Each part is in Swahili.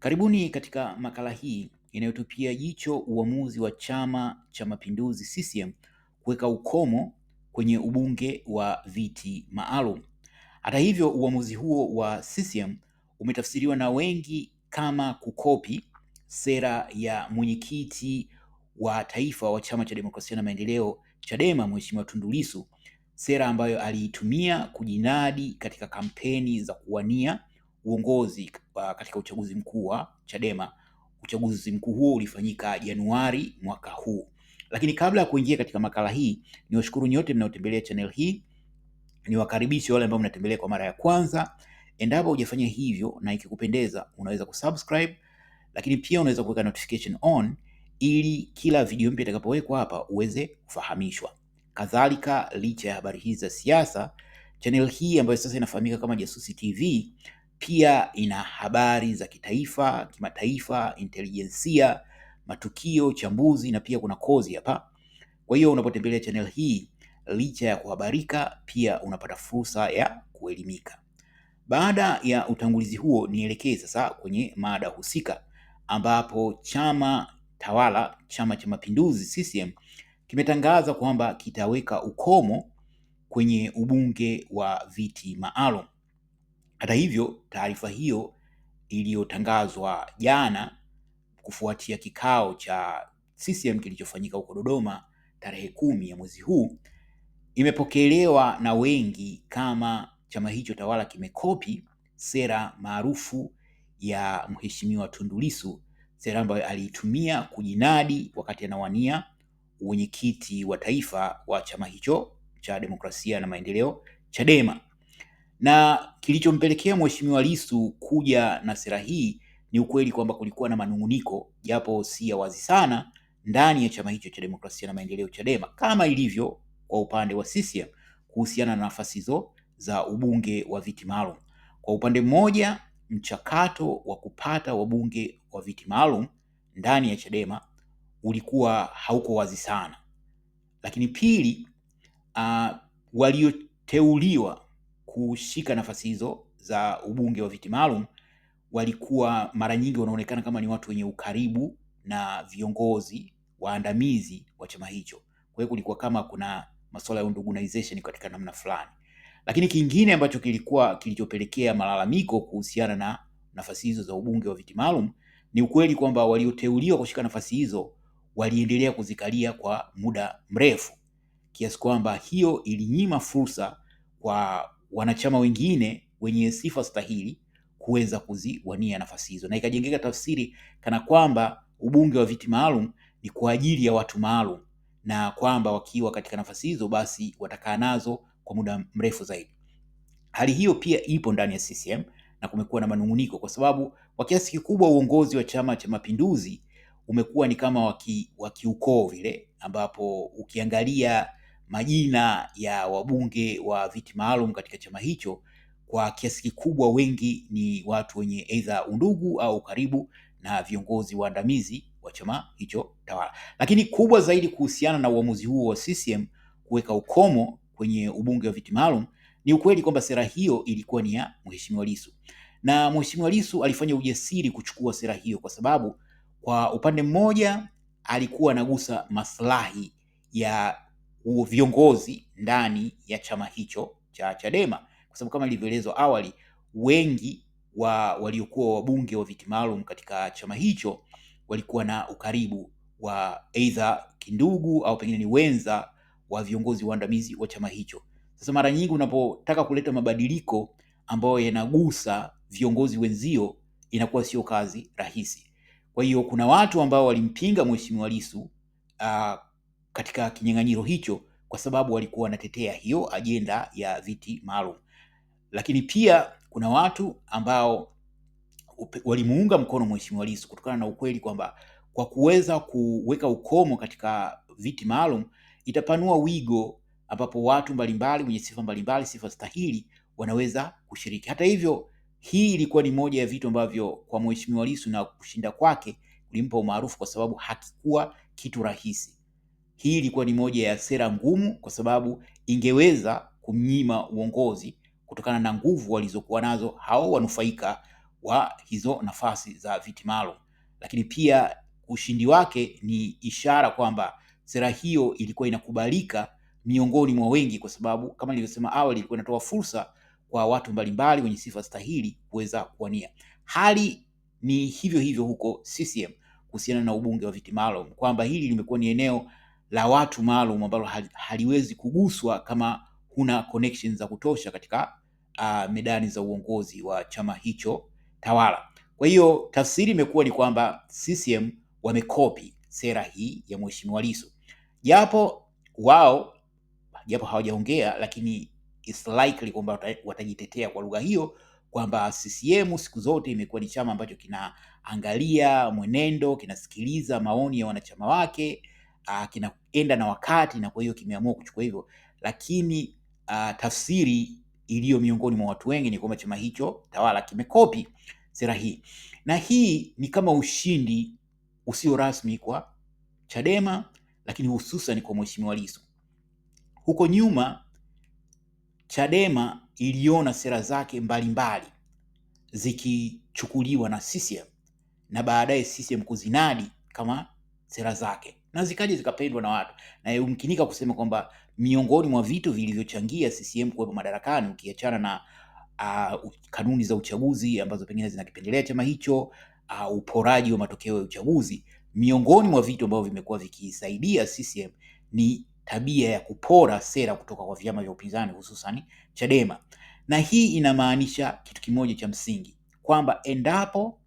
Karibuni katika makala hii inayotupia jicho uamuzi wa Chama cha Mapinduzi CCM kuweka ukomo kwenye ubunge wa viti maalum. Hata hivyo, uamuzi huo wa CCM umetafsiriwa na wengi kama kukopi sera ya mwenyekiti wa taifa wa Chama cha Demokrasia na Maendeleo Chadema, Mheshimiwa Tundu Lissu, sera ambayo aliitumia kujinadi katika kampeni za kuwania uongozi uh, katika uchaguzi mkuu wa Chadema. Uchaguzi mkuu huo ulifanyika Januari mwaka huu. Lakini kabla ya kuingia katika makala hii, niwashukuru nyote mnaotembelea channel hii, niwakaribishe wale ambao mnatembelea kwa mara ya kwanza. Endapo hujafanya hivyo na ikikupendeza, unaweza kusubscribe, lakini pia unaweza kuweka notification on ili kila video mpya itakapowekwa hapa uweze kufahamishwa. Kadhalika, licha ya habari hizi za siasa, channel hii ambayo sasa inafahamika kama Jasusi TV pia ina habari za kitaifa, kimataifa, intelijensia, matukio, chambuzi na pia kuna kozi hapa. Kwa hiyo unapotembelea channel hii, licha ya kuhabarika, pia unapata fursa ya kuelimika. Baada ya utangulizi huo, nielekee sasa kwenye mada husika, ambapo chama tawala, Chama cha Mapinduzi, CCM kimetangaza kwamba kitaweka ukomo kwenye ubunge wa viti maalum. Hata hivyo, taarifa hiyo iliyotangazwa jana kufuatia kikao cha CCM kilichofanyika huko Dodoma tarehe kumi ya mwezi huu imepokelewa na wengi kama chama hicho tawala kimekopi sera maarufu ya Mheshimiwa Tundu Lissu, sera ambayo aliitumia kujinadi wakati anawania uwenyekiti wa taifa wa chama hicho cha demokrasia na maendeleo Chadema na kilichompelekea Mheshimiwa Lissu kuja na sera hii ni ukweli kwamba kulikuwa na manunguniko, japo si ya wazi sana, ndani ya chama hicho cha Demokrasia na Maendeleo, Chadema, kama ilivyo kwa upande wa CCM kuhusiana na nafasi hizo za ubunge wa viti maalum. Kwa upande mmoja, mchakato wa kupata wabunge wa viti maalum ndani ya Chadema ulikuwa hauko wazi sana, lakini pili, uh, walioteuliwa kushika nafasi hizo za ubunge wa viti maalum walikuwa mara nyingi wanaonekana kama ni watu wenye ukaribu na viongozi waandamizi wa chama hicho. Kwa hiyo kulikuwa kama kuna masuala ya undugunization katika namna fulani, lakini kingine ambacho kilikuwa kilichopelekea malalamiko kuhusiana na nafasi hizo za ubunge wa viti maalum ni ukweli kwamba walioteuliwa kushika nafasi hizo waliendelea kuzikalia kwa muda mrefu kiasi kwamba hiyo ilinyima fursa kwa wanachama wengine wenye sifa stahili kuweza kuziwania nafasi hizo, na ikajengeka tafsiri kana kwamba ubunge wa viti maalum ni kwa ajili ya watu maalum, na kwamba wakiwa katika nafasi hizo basi watakaa nazo kwa muda mrefu zaidi. Hali hiyo pia ipo ndani ya CCM na kumekuwa na manunguniko, kwa sababu kwa kiasi kikubwa uongozi wa Chama cha Mapinduzi umekuwa ni kama wakiukoo waki vile, ambapo ukiangalia majina ya wabunge wa viti maalum katika chama hicho, kwa kiasi kikubwa wengi ni watu wenye aidha undugu au karibu na viongozi waandamizi wa chama hicho tawala. Lakini kubwa zaidi kuhusiana na uamuzi huo wa CCM kuweka ukomo kwenye ubunge wa viti maalum ni ukweli kwamba sera hiyo ilikuwa ni ya Mheshimiwa Lissu, na Mheshimiwa Lissu alifanya ujasiri kuchukua sera hiyo kwa sababu kwa upande mmoja alikuwa anagusa maslahi ya viongozi ndani ya chama hicho cha Chadema, kwa sababu kama ilivyoelezwa awali, wengi wa waliokuwa wabunge wa viti maalum katika chama hicho walikuwa na ukaribu wa aidha kindugu au pengine ni wenza wa viongozi waandamizi wa chama hicho. Sasa mara nyingi unapotaka kuleta mabadiliko ambayo yanagusa viongozi wenzio inakuwa sio kazi rahisi. Kwa hiyo kuna watu ambao walimpinga Mheshimiwa Lissu uh, katika kinyang'anyiro hicho, kwa sababu walikuwa wanatetea hiyo ajenda ya viti maalum. Lakini pia kuna watu ambao walimuunga mkono Mheshimiwa Lissu kutokana na ukweli kwamba kwa kuweza kuweka ukomo katika viti maalum itapanua wigo ambapo watu mbalimbali wenye sifa mbalimbali, sifa stahili wanaweza kushiriki. Hata hivyo, hii ilikuwa ni moja ya vitu ambavyo kwa Mheshimiwa Lissu na kushinda kwake kulimpa umaarufu, kwa sababu hakikuwa kitu rahisi. Hii ilikuwa ni moja ya sera ngumu, kwa sababu ingeweza kumnyima uongozi kutokana na nguvu walizokuwa nazo hao wanufaika wa hizo nafasi za viti maalum. Lakini pia ushindi wake ni ishara kwamba sera hiyo ilikuwa inakubalika miongoni mwa wengi, kwa sababu kama nilivyosema awali, ilikuwa inatoa fursa kwa watu mbalimbali wenye sifa stahili kuweza kuwania. Hali ni hivyo hivyo huko CCM kuhusiana na ubunge wa viti maalum, kwamba hili limekuwa ni eneo la watu maalum ambalo haliwezi kuguswa kama huna connections za kutosha katika uh, medani za uongozi wa chama hicho tawala. Kwa hiyo tafsiri imekuwa ni kwamba CCM wamekopi sera hii ya Mheshimiwa Lissu, japo wao japo hawajaongea, lakini it's likely kwamba watajitetea kwa lugha hiyo kwamba CCM siku zote imekuwa ni chama ambacho kinaangalia mwenendo, kinasikiliza maoni ya wanachama wake uh, kinaenda na wakati na kwa hiyo kimeamua kuchukua hivyo, lakini uh, tafsiri iliyo miongoni mwa watu wengi ni kwamba chama hicho tawala kimekopi sera hii, na hii ni kama ushindi usio rasmi kwa Chadema, lakini hususan kwa Mheshimiwa Lissu. Huko nyuma Chadema iliona sera zake mbalimbali zikichukuliwa na CCM na baadaye CCM kuzinadi kama sera zake na zikaja zikapendwa na watu, na yumkinika kusema kwamba miongoni mwa vitu vilivyochangia CCM kuwepo madarakani, ukiachana na uh, kanuni za uchaguzi ambazo pengine zinakipendelea chama hicho, uh, uporaji wa matokeo ya uchaguzi, miongoni mwa vitu ambavyo vimekuwa vikisaidia CCM ni tabia ya kupora sera kutoka kwa vyama vya upinzani hususan Chadema. Na hii inamaanisha kitu kimoja cha msingi kwamba endapo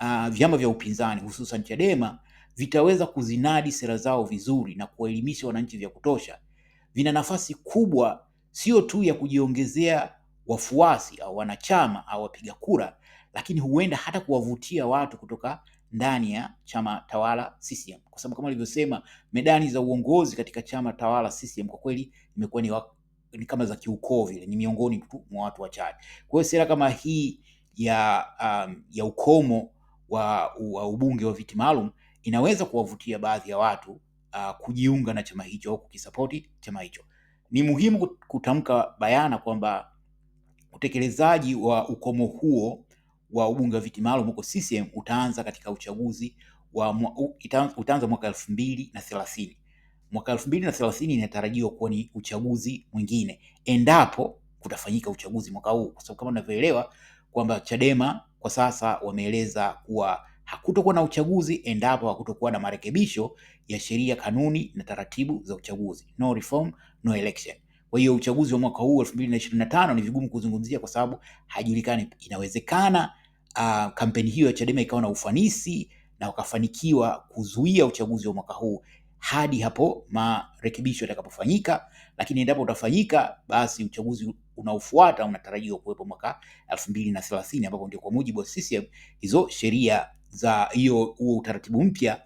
uh, vyama vya upinzani hususan Chadema vitaweza kuzinadi sera zao vizuri na kuwaelimisha wananchi vya kutosha, vina nafasi kubwa sio tu ya kujiongezea wafuasi au wanachama au wapiga kura, lakini huenda hata kuwavutia watu kutoka ndani ya chama tawala CCM, kwa sababu kama alivyosema, medani za uongozi katika chama tawala CCM kwa kweli imekuwa ni, ni kama za kiukoo vile, ni miongoni tu mwa watu wachache. Kwa hiyo sera kama hii ya, um, ya ukomo wa, wa ubunge wa viti maalum inaweza kuwavutia baadhi ya watu uh, kujiunga na chama hicho au kukisapoti chama hicho. Ni muhimu kutamka bayana kwamba utekelezaji wa ukomo huo wa ubunge wa viti maalum huko CCM utaanza katika uchaguzi wa utaanza mwaka elfu mbili na thelathini. Mwaka elfu mbili na thelathini inatarajiwa kuwa ni uchaguzi mwingine endapo kutafanyika uchaguzi mwaka huu, kwa sababu kama unavyoelewa kwamba Chadema kwa sasa wameeleza kuwa hakutokuwa na uchaguzi endapo hakutokuwa na marekebisho ya sheria, kanuni na taratibu za uchaguzi. No reform, no election. Kwa hiyo uchaguzi wa mwaka huu 2025 ni vigumu kuzungumzia kwa sababu hajulikani. Inawezekana uh, kampeni hiyo ya Chadema ikawa na ufanisi na wakafanikiwa kuzuia uchaguzi wa mwaka huu hadi hapo marekebisho yatakapofanyika, lakini endapo utafanyika, basi uchaguzi unaofuata unatarajiwa kuwepo mwaka 2030 ambapo ndio kwa mujibu wa CCM hizo sheria za hiyo huo utaratibu mpya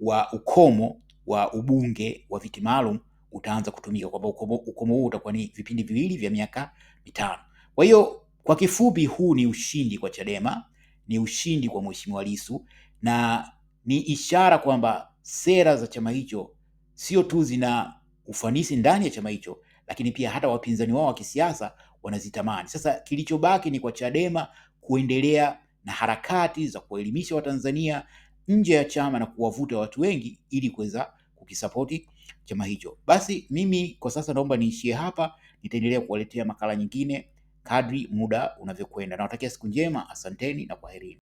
wa ukomo wa ubunge wa viti maalum utaanza kutumika, kwamba ukomo, ukomo huo utakuwa ni vipindi viwili vya miaka mitano. Kwa hiyo kwa kifupi, huu ni ushindi kwa Chadema, ni ushindi kwa Mheshimiwa Lissu na ni ishara kwamba sera za chama hicho sio tu zina ufanisi ndani ya chama hicho, lakini pia hata wapinzani wao wa kisiasa wanazitamani. Sasa kilichobaki ni kwa Chadema kuendelea na harakati za kuwaelimisha Watanzania nje ya chama na kuwavuta watu wengi ili kuweza kukisapoti chama hicho. Basi mimi kwa sasa naomba niishie hapa, nitaendelea kuwaletea makala nyingine kadri muda unavyokwenda. Nawatakia siku njema, asanteni na kwaherini.